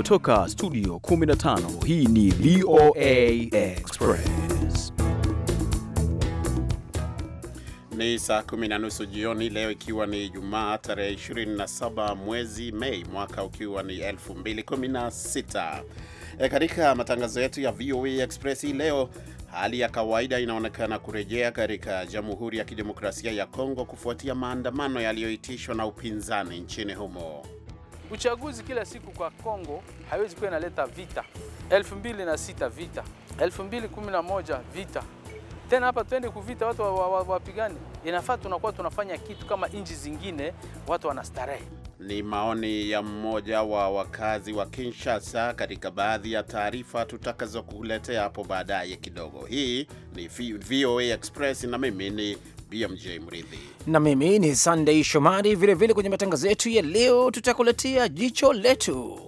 Kutoka studio 15 hii ni VOA Express. Ni saa kumi na nusu jioni leo, ikiwa ni Jumaa tarehe 27 mwezi Mei, mwaka ukiwa ni 2016. E, katika matangazo yetu ya VOA Express hii leo, hali ya kawaida inaonekana kurejea katika Jamhuri ya Kidemokrasia ya Kongo kufuatia maandamano yaliyoitishwa na upinzani nchini humo. Uchaguzi kila siku kwa Kongo haiwezi kuwa inaleta vita. 2006 vita, 2011 vita, tena hapa twende kuvita watu wapigane wa, wa, inafaa tunakuwa tunafanya kitu kama nchi zingine, watu wanastarehe. Ni maoni ya mmoja wa wakazi wa Kinshasa katika baadhi ya taarifa tutakazokuletea hapo baadaye kidogo. Hii ni VOA Express na mimi ni BMJ Mridhi na mimi ni Sandei Shomari. Vilevile kwenye matangazo yetu ya leo, tutakuletea jicho letu.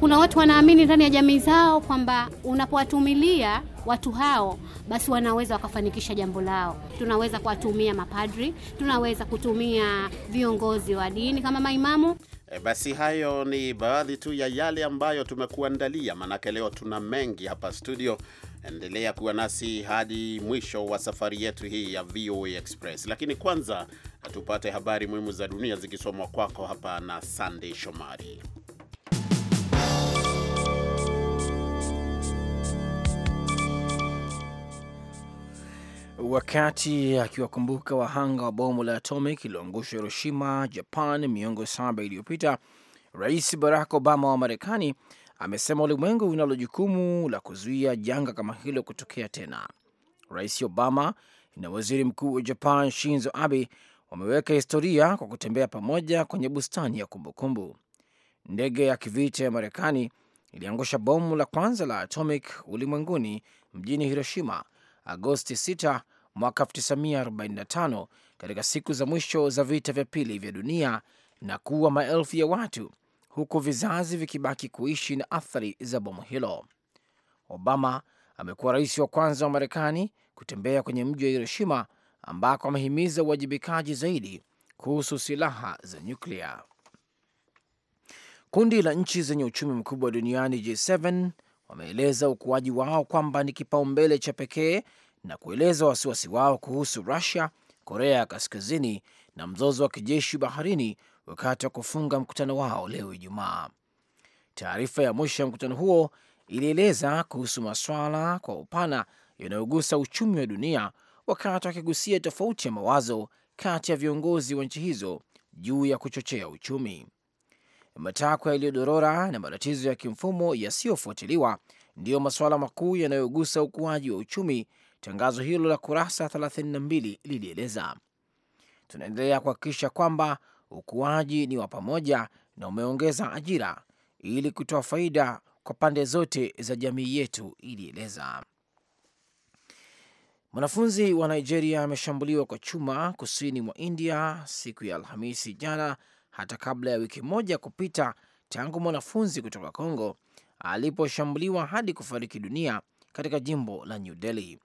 Kuna watu wanaamini ndani ya jamii zao kwamba unapowatumilia watu hao basi wanaweza wakafanikisha jambo lao. Tunaweza kuwatumia mapadri, tunaweza kutumia viongozi wa dini kama maimamu. E, basi hayo ni baadhi tu ya yale ambayo tumekuandalia, maanake leo tuna mengi hapa studio Endelea kuwa nasi hadi mwisho wa safari yetu hii ya VOA Express, lakini kwanza tupate habari muhimu za dunia zikisomwa kwako hapa na Sandey Shomari. Wakati akiwakumbuka wahanga wa bomu la atomic iliyoangusha Hiroshima, Japan, miongo saba iliyopita, Rais Barack Obama wa Marekani amesema ulimwengu unalo jukumu la kuzuia janga kama hilo kutokea tena. Rais Obama na waziri mkuu wa Japan Shinzo Abe wameweka historia kwa kutembea pamoja kwenye bustani ya kumbukumbu. Ndege ya kivita ya Marekani iliangusha bomu la kwanza la atomic ulimwenguni mjini Hiroshima Agosti 6 mwaka 1945 katika siku za mwisho za vita vya pili vya dunia na kuua maelfu ya watu huku vizazi vikibaki kuishi na athari za bomu hilo. Obama amekuwa rais wa kwanza wa Marekani kutembea kwenye mji wa Hiroshima ambako amehimiza uwajibikaji zaidi kuhusu silaha za nyuklia. Kundi la nchi zenye uchumi mkubwa duniani G7 wameeleza ukuaji wao kwamba ni kipaumbele cha pekee na kueleza wasiwasi wao kuhusu Rusia, Korea ya Kaskazini na mzozo wa kijeshi baharini wakati wa kufunga mkutano wao leo Ijumaa. Taarifa ya mwisho ya mkutano huo ilieleza kuhusu maswala kwa upana yanayogusa uchumi wa dunia, wakati wakigusia tofauti ya mawazo kati ya viongozi wa nchi hizo juu ya kuchochea uchumi. Matakwa yaliyodorora na matatizo ya kimfumo yasiyofuatiliwa ndiyo masuala makuu yanayogusa ukuaji wa uchumi, tangazo hilo la kurasa 32 lilieleza. Tunaendelea kuhakikisha kwamba ukuaji ni wa pamoja na umeongeza ajira ili kutoa faida kwa pande zote za jamii yetu, ilieleza. Mwanafunzi wa Nigeria ameshambuliwa kwa chuma kusini mwa India siku ya Alhamisi jana, hata kabla ya wiki moja kupita tangu mwanafunzi kutoka congo aliposhambuliwa hadi kufariki dunia katika jimbo la New Delhi.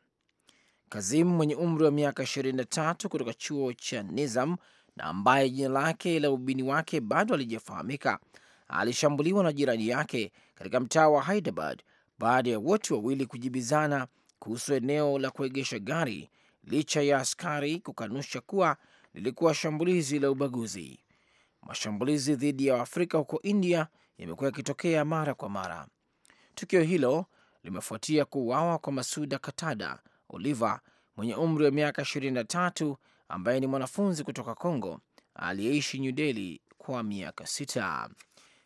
Kazim mwenye umri wa miaka 23 kutoka chuo cha Nizam na ambaye jina lake la ubini wake bado alijafahamika alishambuliwa na jirani yake katika mtaa wa Hyderabad baada ya wote wawili kujibizana kuhusu eneo la kuegesha gari licha ya askari kukanusha kuwa lilikuwa shambulizi la ubaguzi. Mashambulizi dhidi ya Waafrika huko India yamekuwa yakitokea mara kwa mara. Tukio hilo limefuatia kuuawa kwa Masuda Katada oliva mwenye umri wa miaka 23 ambaye ni mwanafunzi kutoka Congo aliyeishi New Delhi kwa miaka sita.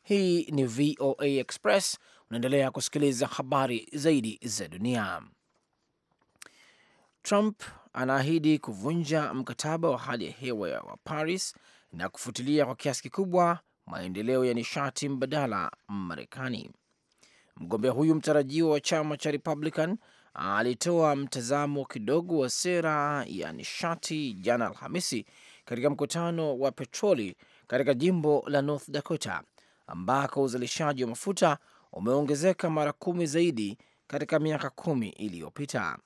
Hii ni VOA Express, unaendelea kusikiliza habari zaidi za dunia. Trump anaahidi kuvunja mkataba wa hali ya hewa wa Paris na kufutilia kwa kiasi kikubwa maendeleo ya nishati mbadala Marekani. Mgombea huyu mtarajiwa wa chama cha Republican alitoa mtazamo kidogo wa sera ya nishati jana Alhamisi katika mkutano wa petroli katika jimbo la North Dakota ambako uzalishaji wa mafuta umeongezeka mara kumi zaidi katika miaka kumi iliyopita.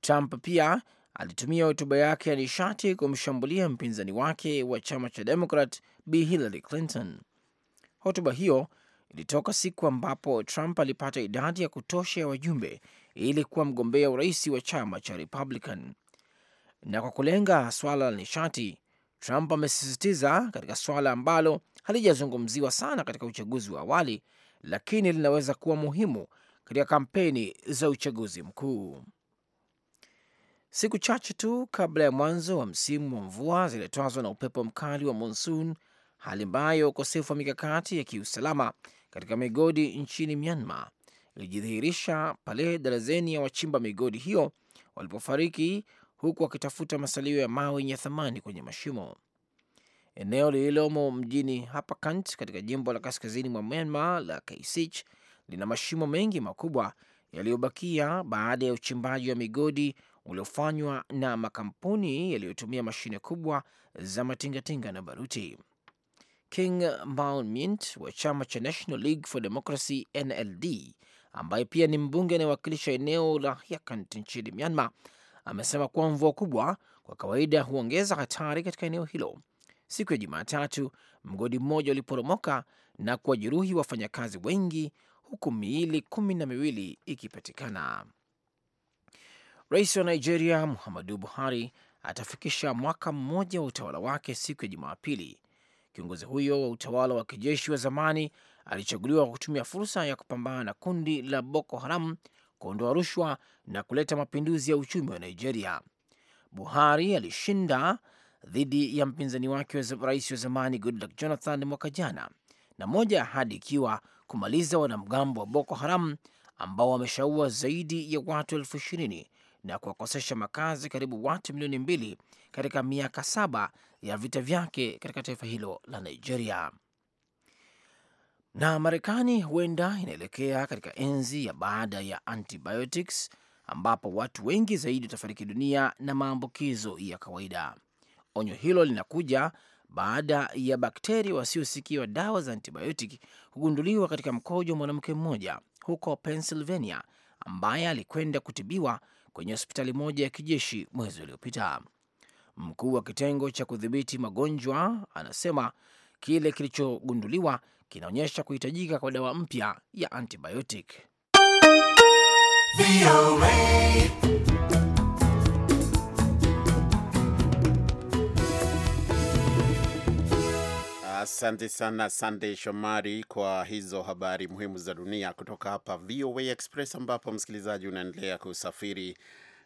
Trump pia alitumia hotuba yake ya nishati kumshambulia mpinzani wake wa chama cha Demokrat Bi Hillary Clinton. Hotuba hiyo ilitoka siku ambapo Trump alipata idadi ya kutosha ya wajumbe ili kuwa mgombea urais wa chama cha Republican. Na kwa kulenga swala la nishati, Trump amesisitiza katika swala ambalo halijazungumziwa sana katika uchaguzi wa awali, lakini linaweza kuwa muhimu katika kampeni za uchaguzi mkuu. Siku chache tu kabla ya mwanzo wa msimu wa mvua zilitwazwa na upepo mkali wa monsoon, hali ambayo ukosefu wa mikakati ya kiusalama katika migodi nchini Myanmar lilijidhihirisha pale darazeni ya wachimba migodi hiyo walipofariki huku wakitafuta masalio ya mawe yenye thamani kwenye mashimo. Eneo lililomo mjini Hapakant katika jimbo la kaskazini mwa Myanmar la Kasich lina mashimo mengi makubwa yaliyobakia baada ya uchimbaji wa migodi uliofanywa na makampuni yaliyotumia mashine kubwa za matingatinga na baruti. King Maun wa chama cha National League for Democracy NLD ambaye pia ni mbunge anayewakilisha eneo la Yakant nchini Myanmar, amesema kuwa mvua kubwa kwa kawaida huongeza hatari katika eneo hilo. Siku ya Jumatatu, mgodi mmoja uliporomoka na kuwajeruhi wafanyakazi wengi huku miili kumi na miwili ikipatikana. Rais wa Nigeria Muhammadu Buhari atafikisha mwaka mmoja wa utawala wake siku ya Jumapili. Kiongozi huyo wa utawala wa kijeshi wa zamani alichaguliwa kwa kutumia fursa ya kupambana na kundi la Boko Haram, kuondoa rushwa na kuleta mapinduzi ya uchumi wa Nigeria. Buhari alishinda dhidi ya mpinzani wake wa rais wa zamani Goodluck Jonathan mwaka jana, na moja ya ahadi ikiwa kumaliza wanamgambo wa Boko Haram ambao wameshaua zaidi ya watu elfu ishirini na kuwakosesha makazi karibu watu milioni mbili katika miaka saba ya vita vyake katika taifa hilo la Nigeria. Na Marekani huenda inaelekea katika enzi ya baada ya antibiotics, ambapo watu wengi zaidi watafariki dunia na maambukizo ya kawaida. Onyo hilo linakuja baada ya bakteria wasiosikiwa dawa za antibiotic kugunduliwa katika mkojo wa mwanamke mmoja huko Pennsylvania ambaye alikwenda kutibiwa kwenye hospitali moja ya kijeshi mwezi uliopita. Mkuu wa kitengo cha kudhibiti magonjwa anasema kile kilichogunduliwa kinaonyesha kuhitajika kwa dawa mpya ya antibiotic. Asante sana Sandey Shomari kwa hizo habari muhimu za dunia kutoka hapa VOA Express, ambapo msikilizaji unaendelea kusafiri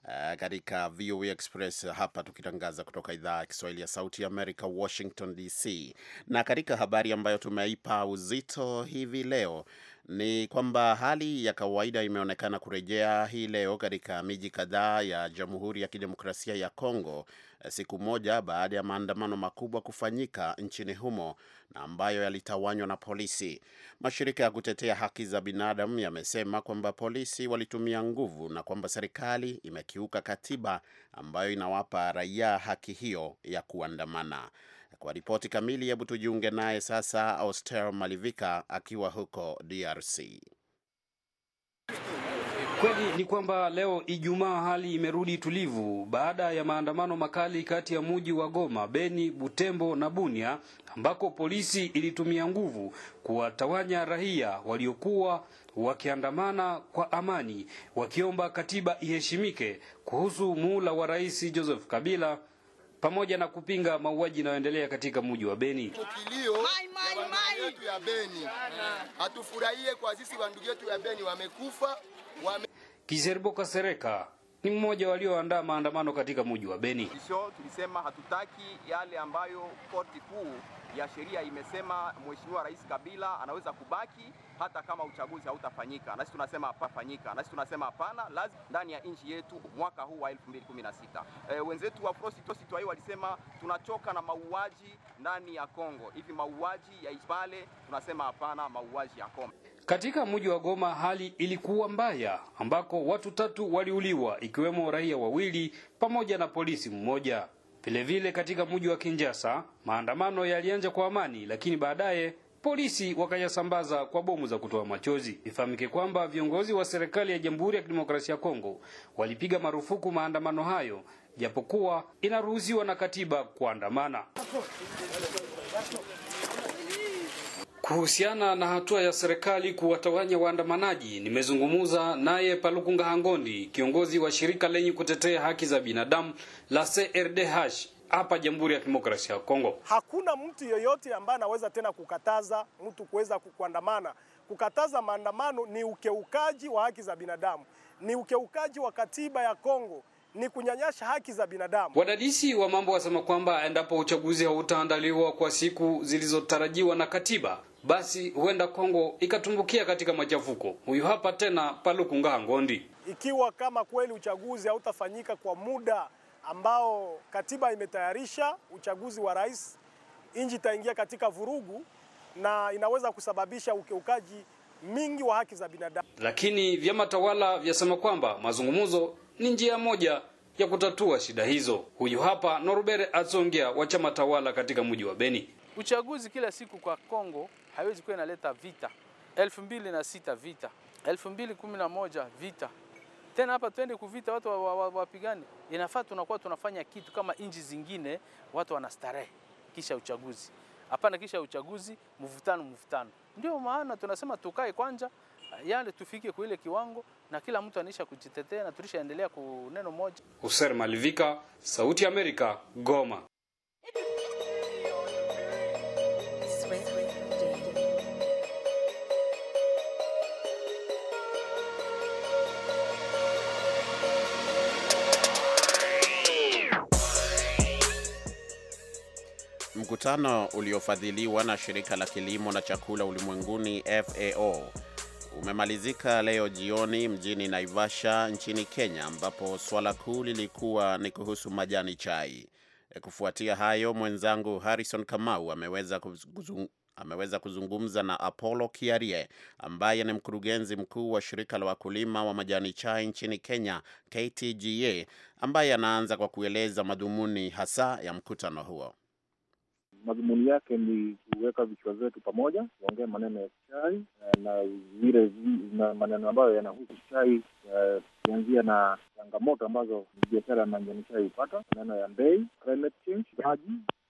Eh, katika VOA Express hapa tukitangaza kutoka idhaa ya Kiswahili ya Sauti ya Amerika, Washington DC. Na katika habari ambayo tumeipa uzito hivi leo ni kwamba hali ya kawaida imeonekana kurejea hii leo katika miji kadhaa ya Jamhuri ya Kidemokrasia ya congo siku moja baada ya maandamano makubwa kufanyika nchini humo na ambayo yalitawanywa na polisi. Mashirika ya kutetea haki za binadamu yamesema kwamba polisi walitumia nguvu na kwamba serikali imekiuka katiba ambayo inawapa raia haki hiyo ya kuandamana. Kwa ripoti kamili, hebu tujiunge naye sasa Auster Malivika akiwa huko DRC. Kweli ni kwamba leo Ijumaa hali imerudi tulivu baada ya maandamano makali kati ya muji wa Goma, Beni, Butembo na Bunia ambako polisi ilitumia nguvu kuwatawanya raia waliokuwa wakiandamana kwa amani wakiomba katiba iheshimike kuhusu muula wa Rais Joseph Kabila pamoja na kupinga mauaji yanayoendelea katika mji wa Beni. Kilio ya ndugu yetu ya Beni hatufurahie kwa sisi wa ndugu yetu ya Beni wamekufa Wame... Kasereka ni mmoja walioandaa maandamano katika mji wa Beni. Sio, tulisema hatutaki yale ambayo korti kuu ya sheria imesema Mheshimiwa Rais Kabila anaweza kubaki hata kama uchaguzi hautafanyika. sisi tunasema hapafanyika, na sisi tunasema hapana, lazima ndani ya nchi yetu mwaka huu wa 2016. E, wenzetu wa Frositositwai walisema tunachoka na mauaji ndani ya Kongo. Hivi mauaji ya Ipale tunasema hapana, mauaji ya Kongo. Katika mji wa Goma hali ilikuwa mbaya, ambako watu tatu waliuliwa ikiwemo raia wawili pamoja na polisi mmoja. Vilevile katika mji wa Kinshasa maandamano yalianza kwa amani, lakini baadaye polisi wakayasambaza kwa bomu za kutoa machozi. Ifahamike kwamba viongozi wa serikali ya Jamhuri ya Kidemokrasia ya Kongo walipiga marufuku maandamano hayo, japokuwa inaruhusiwa na katiba kuandamana. Kuhusiana na hatua ya serikali kuwatawanya waandamanaji, nimezungumza naye Paluku Ngahangondi, kiongozi wa shirika lenye kutetea haki za binadamu la CRDH hapa Jamhuri ya Kidemokrasia ya Kongo. Hakuna mtu yoyote ambaye anaweza tena kukataza mtu kuweza kuandamana. Kukataza maandamano ni ukeukaji wa haki za binadamu, ni ukeukaji wa katiba ya Kongo ni kunyanyasha haki za binadamu. Wadadisi wa mambo wasema kwamba endapo uchaguzi hautaandaliwa kwa siku zilizotarajiwa na katiba, basi huenda Kongo ikatumbukia katika machafuko. Huyu hapa tena Paluku Ngaha Ngondi. Ikiwa kama kweli uchaguzi hautafanyika kwa muda ambao katiba imetayarisha, uchaguzi wa rais, nchi itaingia katika vurugu na inaweza kusababisha ukiukaji mingi wa haki za binadamu. Lakini vyama tawala vyasema kwamba mazungumzo ni njia moja ya kutatua shida hizo. Huyu hapa Norbert Azongia wa chama tawala katika mji wa Beni. Uchaguzi kila siku kwa Kongo haiwezi kuwa inaleta vita. elfu mbili na sita vita, elfu mbili kumi na moja vita tena hapa twende kuvita watu wapigane, inafaa tunakuwa tunafanya kitu kama nchi zingine, watu wanastarehe kisha uchaguzi. Hapana, kisha uchaguzi mvutano, mvutano. Ndio maana tunasema tukae kwanza, yale tufike kwa ile kiwango, na kila mtu anaisha kujitetea, na tulishaendelea kuneno moja. Hussein Malivika, Sauti ya Amerika, Goma. Mkutano uliofadhiliwa na shirika la kilimo na chakula ulimwenguni FAO umemalizika leo jioni mjini Naivasha nchini Kenya, ambapo swala kuu lilikuwa ni kuhusu majani chai. E, kufuatia hayo, mwenzangu Harrison Kamau ameweza kuzung ameweza kuzungumza na Apollo Kiarie ambaye ni mkurugenzi mkuu wa shirika la wakulima wa majani chai nchini Kenya KTGA, ambaye anaanza kwa kueleza madhumuni hasa ya mkutano huo madhumuni yake ni kuweka vichwa zetu pamoja, kuongea maneno ya chai eh, na vile na maneno ambayo yanahusu chai, eh, kuanzia na changamoto ambazo biashara ya majani chai hupata, maneno ya bei, climate change,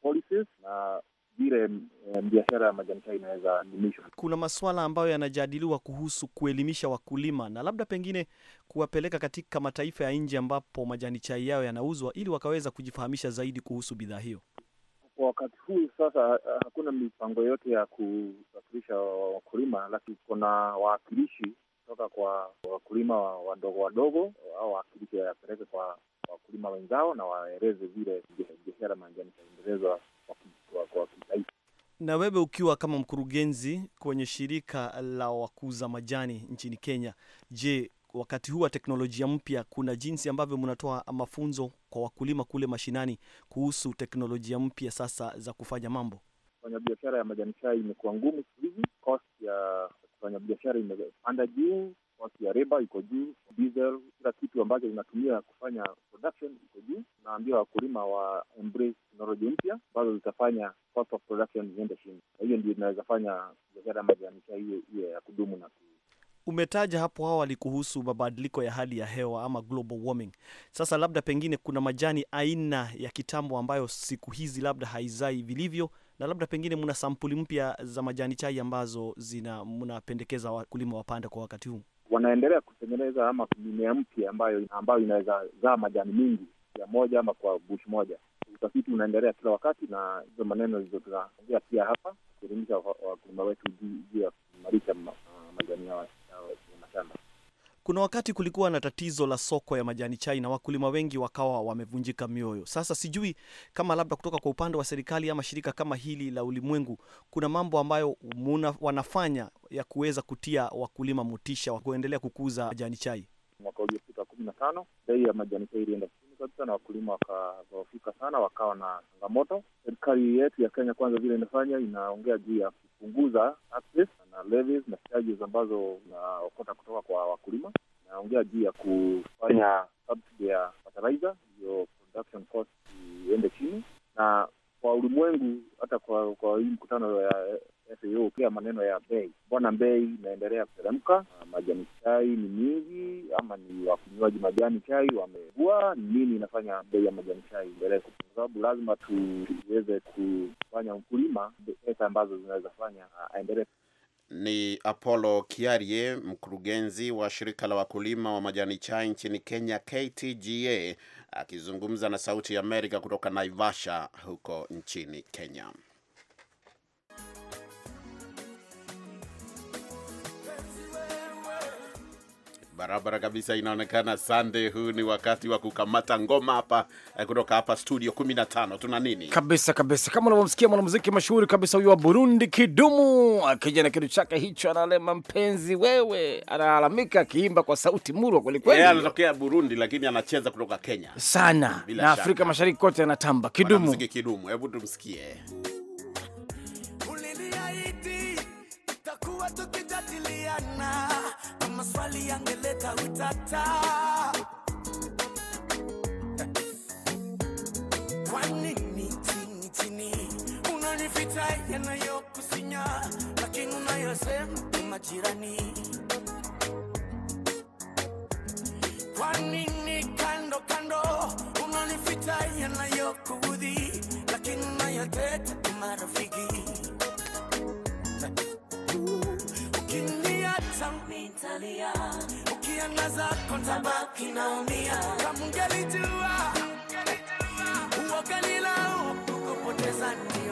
policies na vile eh, biashara ya majani chai inaweza elimishwa. Kuna masuala ambayo yanajadiliwa kuhusu kuelimisha wakulima na labda pengine kuwapeleka katika mataifa ya nje ambapo majani chai yao yanauzwa, ili wakaweza kujifahamisha zaidi kuhusu bidhaa hiyo kwa wakati huu sasa hakuna mipango yote ya kusafirisha wakulima, lakini kuna wawakilishi kutoka kwa wakulima wadogo wadogo, au wawakilishi wayapeleke kwa wakulima wenzao na waeleze vile biashara manjani itaendelezwa kwa kitaifa. Na wewe ukiwa kama mkurugenzi kwenye shirika la wakuza majani nchini Kenya, je, wakati huu wa teknolojia mpya, kuna jinsi ambavyo mnatoa mafunzo kwa wakulima kule mashinani kuhusu teknolojia mpya sasa za kufanya mambo? fanya biashara ya majani chai imekuwa ngumu siku hizi, cost ya kufanya biashara imepanda juu, cost ya reba iko juu, diesel, kila kitu ambacho inatumia kufanya production iko juu. Naambia wakulima wa embrace mpya ambazo zitafanya cost of production iende chini, na hiyo ndio inaweza fanya biashara ya majani chai iwe ya kudumu na umetaja hapo awali kuhusu mabadiliko ya hali ya hewa ama global warming. Sasa labda pengine kuna majani aina ya kitambo ambayo siku hizi labda haizai vilivyo, na labda pengine mna sampuli mpya za majani chai ambazo zina mnapendekeza wakulima wapande kwa wakati huu? Wanaendelea kutengeneza ama mimea mpya ambayo, ambayo inaweza zaa majani mingi ya moja ama kwa bush moja. Utafiti unaendelea kila wakati, na hizo maneno hizo tunaongea pia hapa kuelimisha wakulima wetu juu ya kuimarisha majani yao mashamba. Kuna wakati kulikuwa na tatizo la soko ya majani chai na wakulima wengi wakawa wamevunjika mioyo. Sasa sijui kama labda kutoka kwa upande wa serikali ama shirika kama hili la ulimwengu, kuna mambo ambayo muna, wanafanya ya kuweza kutia wakulima motisha wa kuendelea kukuza majani chai. Mwaka uliopita kumi na tano bei ya majani chai ilienda sasa, na wakulima wakaofika sana, wakawa na changamoto. Serikali yetu ya Kenya Kwanza vile inafanya inaongea juu ya kupunguza taxes na levies na charges ambazo inaokota kutoka kwa wakulima, inaongea juu ya kufanya subsidy ya fertilizer, hiyo production cost iende chini, na kwa ulimwengu hata kwa, kwa hii mkutano ya FAO pia maneno ya bei. Mbona bei inaendelea kuteremka? Ah, majani chai ni mingi ama ni wakunywaji majani chai wamegua? Nini inafanya bei ya majani chai endelee kupanda? Kwa sababu lazima tuweze kufanya mkulima pesa ambazo zinaweza fanya ah, aendelee ni Apollo Kiarie, mkurugenzi wa shirika la wakulima wa majani chai nchini Kenya, KTGA, akizungumza na Sauti ya Amerika kutoka Naivasha huko nchini Kenya. Barabara kabisa inaonekana. Sande, huu ni wakati wa kukamata ngoma hapa eh, kutoka hapa studio 15. Tuna nini kabisa kabisa, kama unavyomsikia mwanamuziki mashuhuri kabisa huyu wa Burundi, Kidumu akija na kitu chake hicho, analema mpenzi wewe, analalamika akiimba kwa sauti murwa kweli kweli. Yeye anatokea Burundi lakini anacheza kutoka Kenya sana Bila na shaka. Afrika Mashariki kote anatamba Kidumu, mwanamuziki Kidumu, hebu tumsikie kuzoeana na maswali yangeleta utata. Kwa nini chini chini unanifita yanayokusinya, lakini unayosema majirani? Kwa nini kando kando unanifita yanayokuudhi, lakini unayoteta marafiki Talia, ukiangaza kontabaki naumia, kama ungelijua uoganila ukupoteza ndio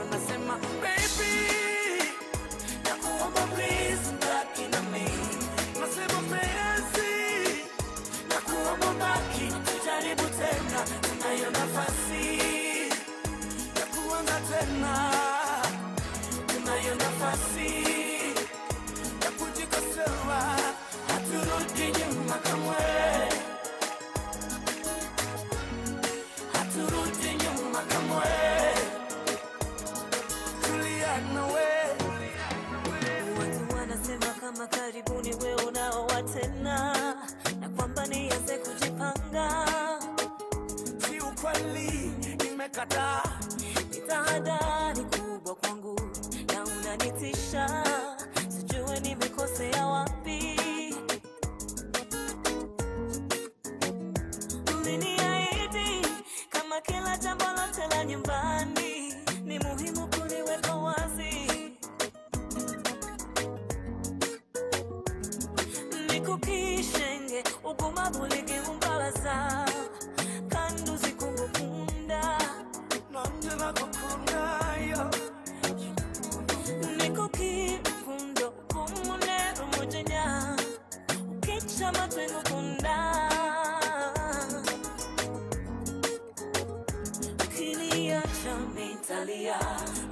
క్షమతో ఇవ్వకుండా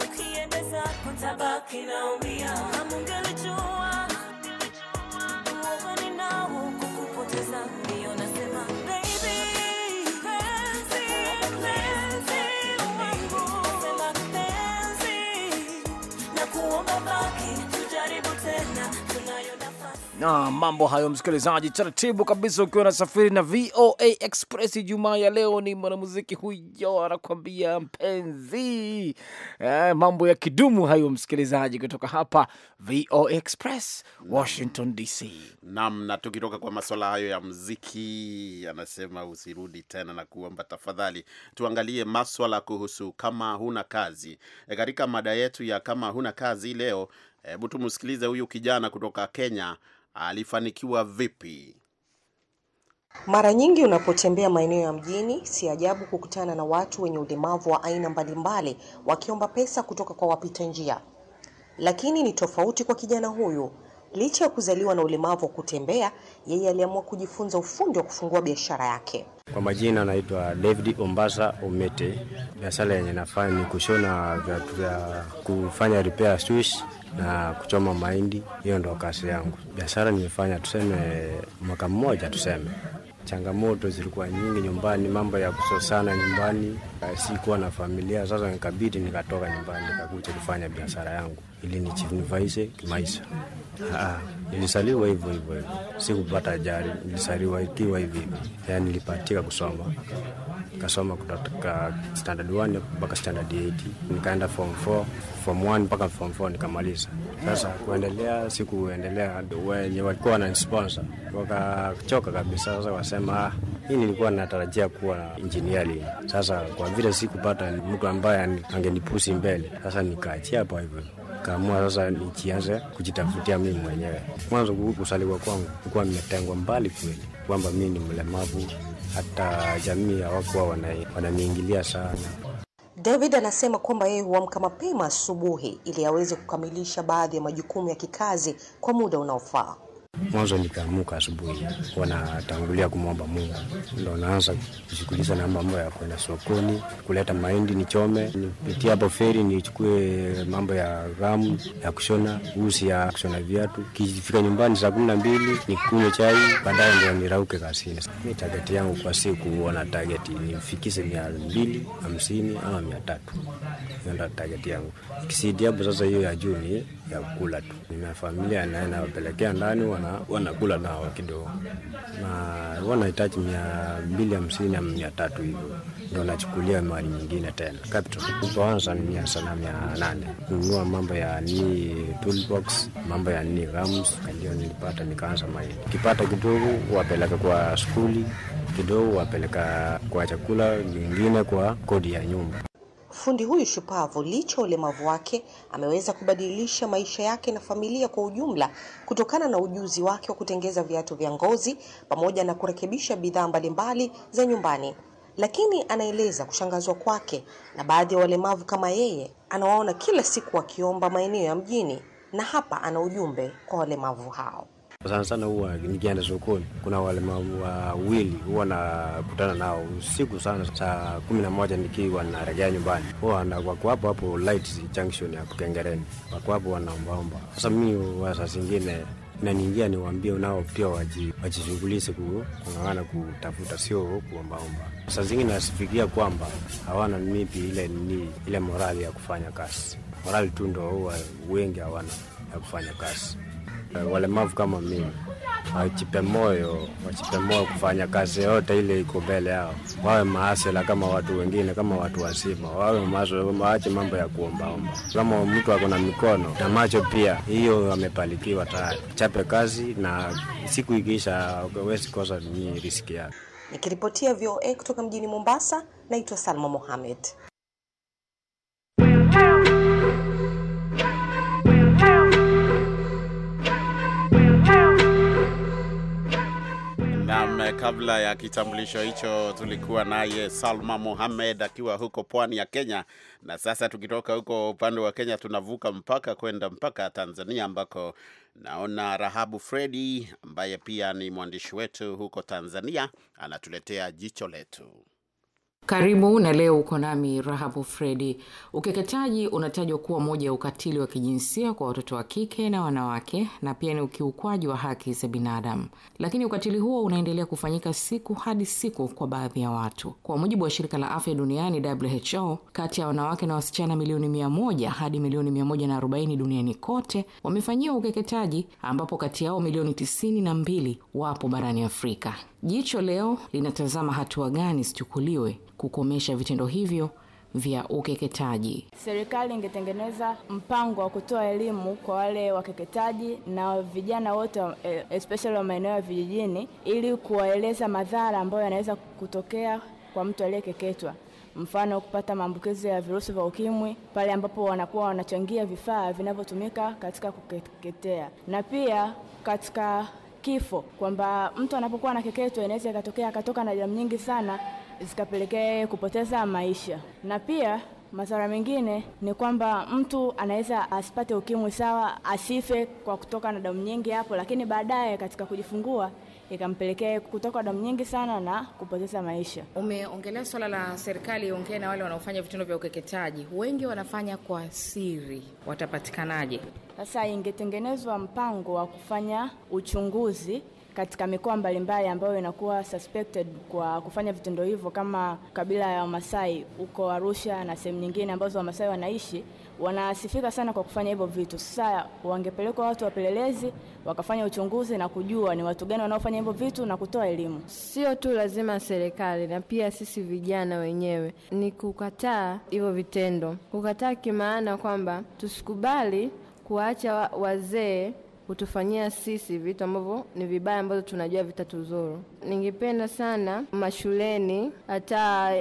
ukiendeza kutabaki naumia Mungu na mambo hayo, msikilizaji, taratibu kabisa, ukiwa nasafiri na VOA Express Ijumaa ya leo. Ni mwanamuziki huyo anakuambia mpenzi. Eh, mambo ya kidumu hayo, msikilizaji, kutoka hapa VOA Express Washington DC. Naam, na tukitoka kwa masuala hayo ya mziki, anasema usirudi tena na kuomba tafadhali. Tuangalie maswala kuhusu kama huna kazi e, katika mada yetu ya kama huna kazi leo. Hebu tumsikilize huyu kijana kutoka Kenya alifanikiwa vipi? Mara nyingi unapotembea maeneo ya mjini, si ajabu kukutana na watu wenye ulemavu wa aina mbalimbali wakiomba pesa kutoka kwa wapita njia, lakini ni tofauti kwa kijana huyu. Licha ya kuzaliwa na ulemavu wa kutembea, yeye aliamua kujifunza ufundi wa kufungua biashara yake. Kwa majina anaitwa David Ombasa Omete. Biashara yenye nafanya ni kushona viatu vya kufanya repair swish na kuchoma mahindi. Hiyo ndo kazi yangu. Biashara nimefanya tuseme mwaka mmoja, tuseme changamoto zilikuwa nyingi nyumbani, mambo ya kusosana nyumbani, sikuwa na familia. Sasa nikabidi nikatoka nyumbani nikakuja kufanya biashara yangu ili nijinufaishe kimaisha. Ah, nilisaliwa hivyo hivyo hivyo, sikupata ajali, nilisaliwa ikiwa hivi hivi, yaani nilipatika kusoma nikasoma kutoka standard 1 mpaka standard 8, nikaenda form 4, form 1 mpaka form 4 nikamaliza. Sasa kuendelea kuendelea, ndio wenye walikuwa wananisponsor wakachoka kabisa. Sasa wasema ah, hii nilikuwa natarajia kuwa engineering. Sasa kwa vile sikupata mtu ambaye angenipusi mbele, sasa nikaachia hapo hivyo kaamua sasa nikianze kujitafutia mimi mwenyewe. Mwanzo kusaliwa kwangu kuwa nimetengwa mbali kweli, kwamba mimi ni mlemavu hata jamii hawakuwa wananiingilia sana. David anasema kwamba yeye huamka mapema asubuhi ili aweze kukamilisha baadhi ya majukumu ya kikazi kwa muda unaofaa. Mwanzo nikaamuka asubuhi, wanatangulia kumwomba Mungu, ndo naanza kushughuliza na mambo ya kwenda sokoni kuleta mahindi nichome, nipitie hapo feri nichukue mambo ya ramu ya kushona usi ya kushona viatu. Kifika nyumbani saa kumi na mbili nikunywe chai, baadaye ndio nirauke kazini. Mi tageti yangu kwa siku wana tageti nifikishe mia mbili hamsini ama mia tatu, ndo tageti yangu kisidi hapo. Sasa hiyo ya juu ni ya kula tu. Nina familia na wapelekea ndani, wana wanakula nao kidogo, na wanahitaji mia mbili hamsini ama mia tatu hivyo, ndo nachukulia mali nyingine tena. Capital kutoanza ni mia sana mia nane kununua mambo ya ni toolbox mambo ya ni rams ndio nilipata, nikaanza maili kipata kidogo, wapeleka kwa skuli kidogo, wapeleka kwa chakula, nyingine kwa kodi ya nyumba. Fundi huyu shupavu licha ulemavu wake ameweza kubadilisha maisha yake na familia kwa ujumla kutokana na ujuzi wake wa kutengeza viatu vya ngozi pamoja na kurekebisha bidhaa mbalimbali za nyumbani. Lakini anaeleza kushangazwa kwake na baadhi ya walemavu kama yeye anawaona kila siku wakiomba maeneo ya mjini, na hapa ana ujumbe kwa walemavu hao sana sana huwa nikienda sokoni kuna wale wawili huwa nakutana nao usiku sana saa kumi na moja nikiwa narejea nyumbani, huwa wako hapo hapo light junction ya Kengereni, wako hapo wanaombaomba. Sasa mi wa saa zingine naniingia niwaambie nao pia wajishughulishe kung'ang'ana kutafuta, sio kuombaomba. Saa zingine nasifikia kwamba hawana mipi ile ni ile morali ya kufanya kazi, morali tu ndo huwa wengi hawana ya kufanya kazi. Eh, walemavu kama mimi wachipe moyo, wachipe moyo kufanya kazi yote ile iko mbele yao. Wawe maasela kama watu wengine, kama watu wazima, wawe mazo, waache mambo ya kuombaomba. Kama mtu ako na mikono na macho pia, hiyo amepalikiwa tayari. Chape kazi na siku ikiisha, wezi kosa ni riski yake. Nikiripotia VOA kutoka mjini Mombasa, naitwa Salma Mohamed. kabla ya kitambulisho hicho tulikuwa naye Salma Mohamed akiwa huko pwani ya Kenya, na sasa tukitoka huko upande wa Kenya tunavuka mpaka kwenda mpaka Tanzania ambako naona Rahabu Fredi ambaye pia ni mwandishi wetu huko Tanzania anatuletea jicho letu. Karibu na leo uko nami Rahabu Fredi. Ukeketaji unatajwa kuwa moja ya ukatili wa kijinsia kwa watoto wa kike na wanawake, na pia ni ukiukwaji wa haki za binadamu, lakini ukatili huo unaendelea kufanyika siku hadi siku kwa baadhi ya watu. Kwa mujibu wa shirika la afya duniani WHO, kati ya wanawake na wasichana milioni mia moja hadi milioni mia moja na arobaini duniani kote wamefanyiwa ukeketaji, ambapo kati yao milioni tisini na mbili wapo barani Afrika. Jicho leo linatazama hatua gani zichukuliwe kukomesha vitendo hivyo vya ukeketaji. Serikali ingetengeneza mpango wa kutoa elimu kwa wale wakeketaji na vijana wote, eh, especially wa maeneo ya vijijini, ili kuwaeleza madhara ambayo yanaweza kutokea kwa mtu aliyekeketwa, mfano kupata maambukizi ya virusi vya ukimwi pale ambapo wanakuwa wanachangia vifaa vinavyotumika katika kukeketea, na pia katika kifo, kwamba mtu anapokuwa anakeketwa inaweza ikatokea akatoka na damu nyingi sana zikapelekea yeye kupoteza maisha, na pia madhara mengine ni kwamba mtu anaweza asipate ukimwi sawa, asife kwa kutoka na damu nyingi hapo, lakini baadaye katika kujifungua ikampelekea kutoka damu nyingi sana na kupoteza maisha. Umeongelea swala la serikali iongee na wale wanaofanya vitendo vya ukeketaji, wengi wanafanya kwa siri, watapatikanaje? Sasa ingetengenezwa mpango wa kufanya uchunguzi katika mikoa mbalimbali ambayo inakuwa suspected kwa kufanya vitendo hivyo, kama kabila ya Wamasai huko Arusha na sehemu nyingine ambazo Wamasai wanaishi, wanasifika sana kwa kufanya hivyo vitu. Sasa wangepelekwa watu wapelelezi wakafanya uchunguzi na kujua ni watu gani wanaofanya hivyo vitu na kutoa elimu. Sio tu lazima serikali, na pia sisi vijana wenyewe ni kukataa hivyo vitendo, kukataa kimaana kwamba tusikubali kuacha wazee hutufanyia sisi vitu ambavyo ni vibaya, ambavyo tunajua vitatuzuru. Ningependa sana mashuleni, hata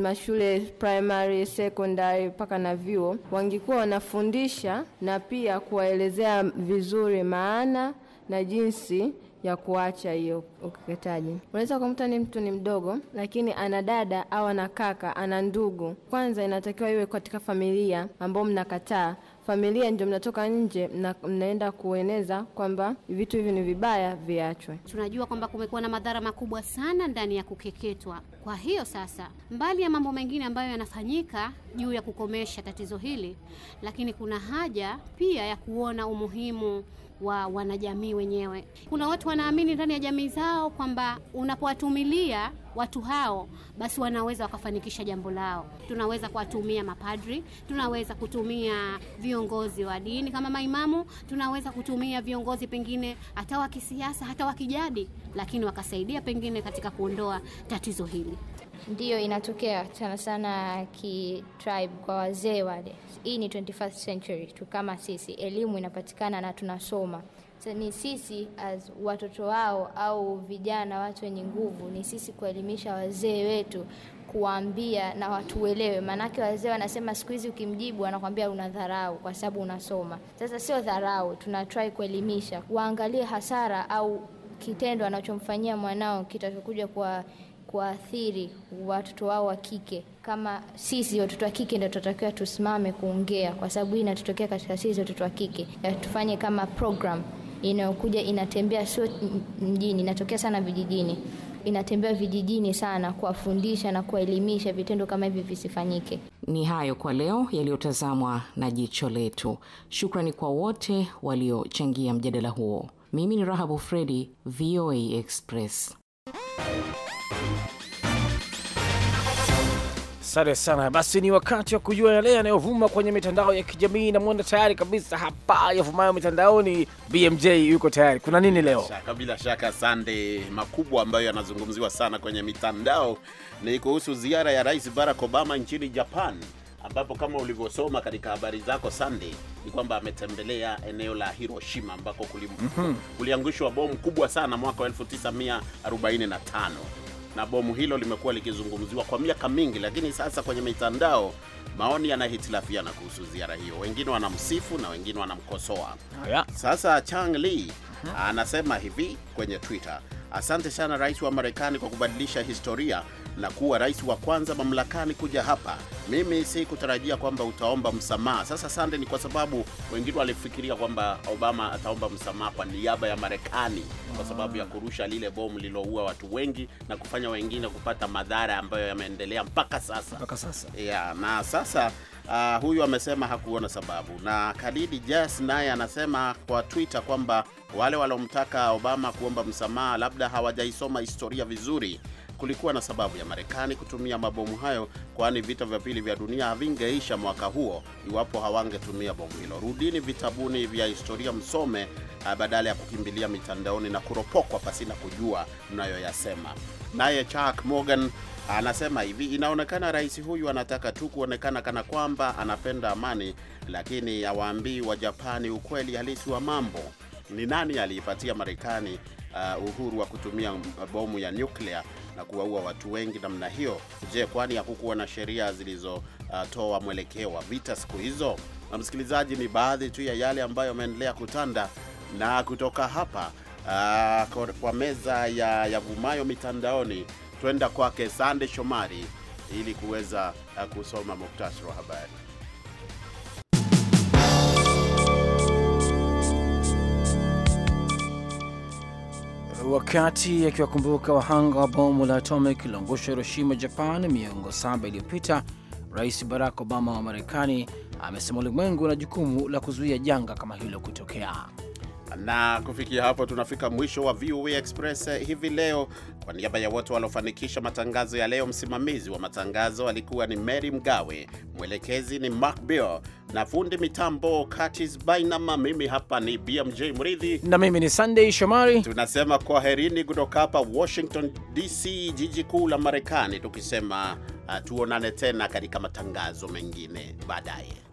mashule primary, secondary mpaka na vyuo, wangekuwa wanafundisha na pia kuwaelezea vizuri maana na jinsi ya kuacha hiyo ukeketaji. Unaweza ukamkuta ni mtu ni mdogo, lakini ana dada au ana kaka, ana ndugu. Kwanza inatakiwa iwe katika familia ambao mnakataa familia ndio mnatoka nje na mnaenda kueneza kwamba vitu hivi ni vibaya, viachwe. Tunajua kwamba kumekuwa na madhara makubwa sana ndani ya kukeketwa. Kwa hiyo sasa, mbali ya mambo mengine ambayo yanafanyika juu ya kukomesha tatizo hili, lakini kuna haja pia ya kuona umuhimu wa wanajamii wenyewe. Kuna watu wanaamini ndani ya jamii zao kwamba unapowatumilia watu hao basi wanaweza wakafanikisha jambo lao. Tunaweza kuwatumia mapadri, tunaweza kutumia viongozi wa dini kama maimamu, tunaweza kutumia viongozi pengine hata wa kisiasa, hata wa kijadi, lakini wakasaidia pengine katika kuondoa tatizo hili ndiyo inatokea sana sana kitribe kwa wazee wale. Hii ni 21st century tu kama sisi, elimu inapatikana na tunasoma so, ni sisi as watoto wao au vijana, watu wenye nguvu, ni sisi kuelimisha wazee wetu, kuwaambia na watuelewe. Maanake wazee wanasema siku hizi ukimjibu anakwambia una dharau kwa sababu unasoma. Sasa sio dharau, tuna try kuelimisha, waangalie hasara au kitendo anachomfanyia mwanao kitachokuja kwa kuathiri watoto wao wa kike. Kama sisi watoto wa kike ndio tunatakiwa tusimame kuongea, kwa sababu hii inatutokea katika sisi watoto wa kike. Tufanye kama program inayokuja inatembea, sio mjini, inatokea sana vijijini, inatembea vijijini sana kuwafundisha na kuwaelimisha vitendo kama hivi visifanyike. Ni hayo kwa leo yaliyotazamwa na jicho letu. Shukrani kwa wote waliochangia mjadala huo. Mimi ni Rahabu Fredi, VOA Express. Asante sana. Basi ni wakati wa kujua yale yanayovuma kwenye mitandao ya kijamii. Namwona tayari kabisa hapa yavumayo mitandaoni, BMJ yuko tayari. Kuna nini leo? Shaka, bila shaka sande. Makubwa ambayo yanazungumziwa sana kwenye mitandao ni kuhusu ziara ya Rais Barack Obama nchini Japan ambapo kama ulivyosoma katika habari zako sande, ni kwamba ametembelea eneo la Hiroshima ambako mhm. kuliangushwa bomu kubwa sana mwaka 1945 na bomu hilo limekuwa likizungumziwa kwa miaka mingi, lakini sasa kwenye mitandao maoni yanahitilafiana kuhusu ziara hiyo, wengine wanamsifu na wengine wanamkosoa. Oh, sasa Chang Lee uh-huh. anasema hivi kwenye Twitter: asante sana rais wa Marekani kwa kubadilisha historia na kuwa rais wa kwanza mamlakani kuja hapa, mimi si kutarajia kwamba utaomba msamaha. Sasa sande, ni kwa sababu wengine walifikiria kwamba Obama ataomba msamaha kwa niaba ya Marekani kwa sababu ya kurusha lile bomu liloua watu wengi na kufanya wengine kupata madhara ambayo yameendelea mpaka sasa, mpaka sasa. Yeah, na sasa uh, huyu amesema hakuona sababu, na Kadidi Jas naye anasema kwa Twitter kwamba wale walomtaka Obama kuomba msamaha labda hawajaisoma historia vizuri kulikuwa na sababu ya Marekani kutumia mabomu hayo, kwani vita vya pili vya dunia havingeisha mwaka huo iwapo hawangetumia bomu hilo. Rudini vitabuni vya historia msome, eh, badala ya kukimbilia mitandaoni na kuropokwa pasina kujua mnayoyasema. Naye Chuck Morgan anasema hivi, inaonekana rais huyu anataka tu kuonekana kana kwamba anapenda amani, lakini wa japani ukweli halisi wa mambo. Ni nani aliipatia Marekani uh, uhuru wa kutumia bomu ya nyuklia na kuwaua watu wengi namna hiyo. Je, kwani hakukuwa na sheria zilizotoa uh, mwelekeo wa vita siku hizo? Na msikilizaji, ni baadhi tu ya yale ambayo yameendelea kutanda na kutoka hapa uh, kwa meza ya yavumayo mitandaoni, twenda kwake Sande Shomari ili kuweza uh, kusoma muktasari wa habari. wakati akiwakumbuka wahanga wa bomu la atomic lilongosha Hiroshima, Japan, miongo saba iliyopita. Rais Barack Obama wa Marekani amesema ulimwengu na jukumu la kuzuia janga kama hilo kutokea na kufikia hapo tunafika mwisho wa VOA Express eh, hivi leo. Kwa niaba ya wote waliofanikisha matangazo ya leo, msimamizi wa matangazo alikuwa ni Mary Mgawe, mwelekezi ni Mark Bill na fundi mitambo Curtis Bainama. Mimi hapa ni BMJ Mridhi na mimi ni Sunday Shomari. Tunasema kwaherini kutoka hapa Washington DC, jiji kuu la Marekani, tukisema uh, tuonane tena katika matangazo mengine baadaye.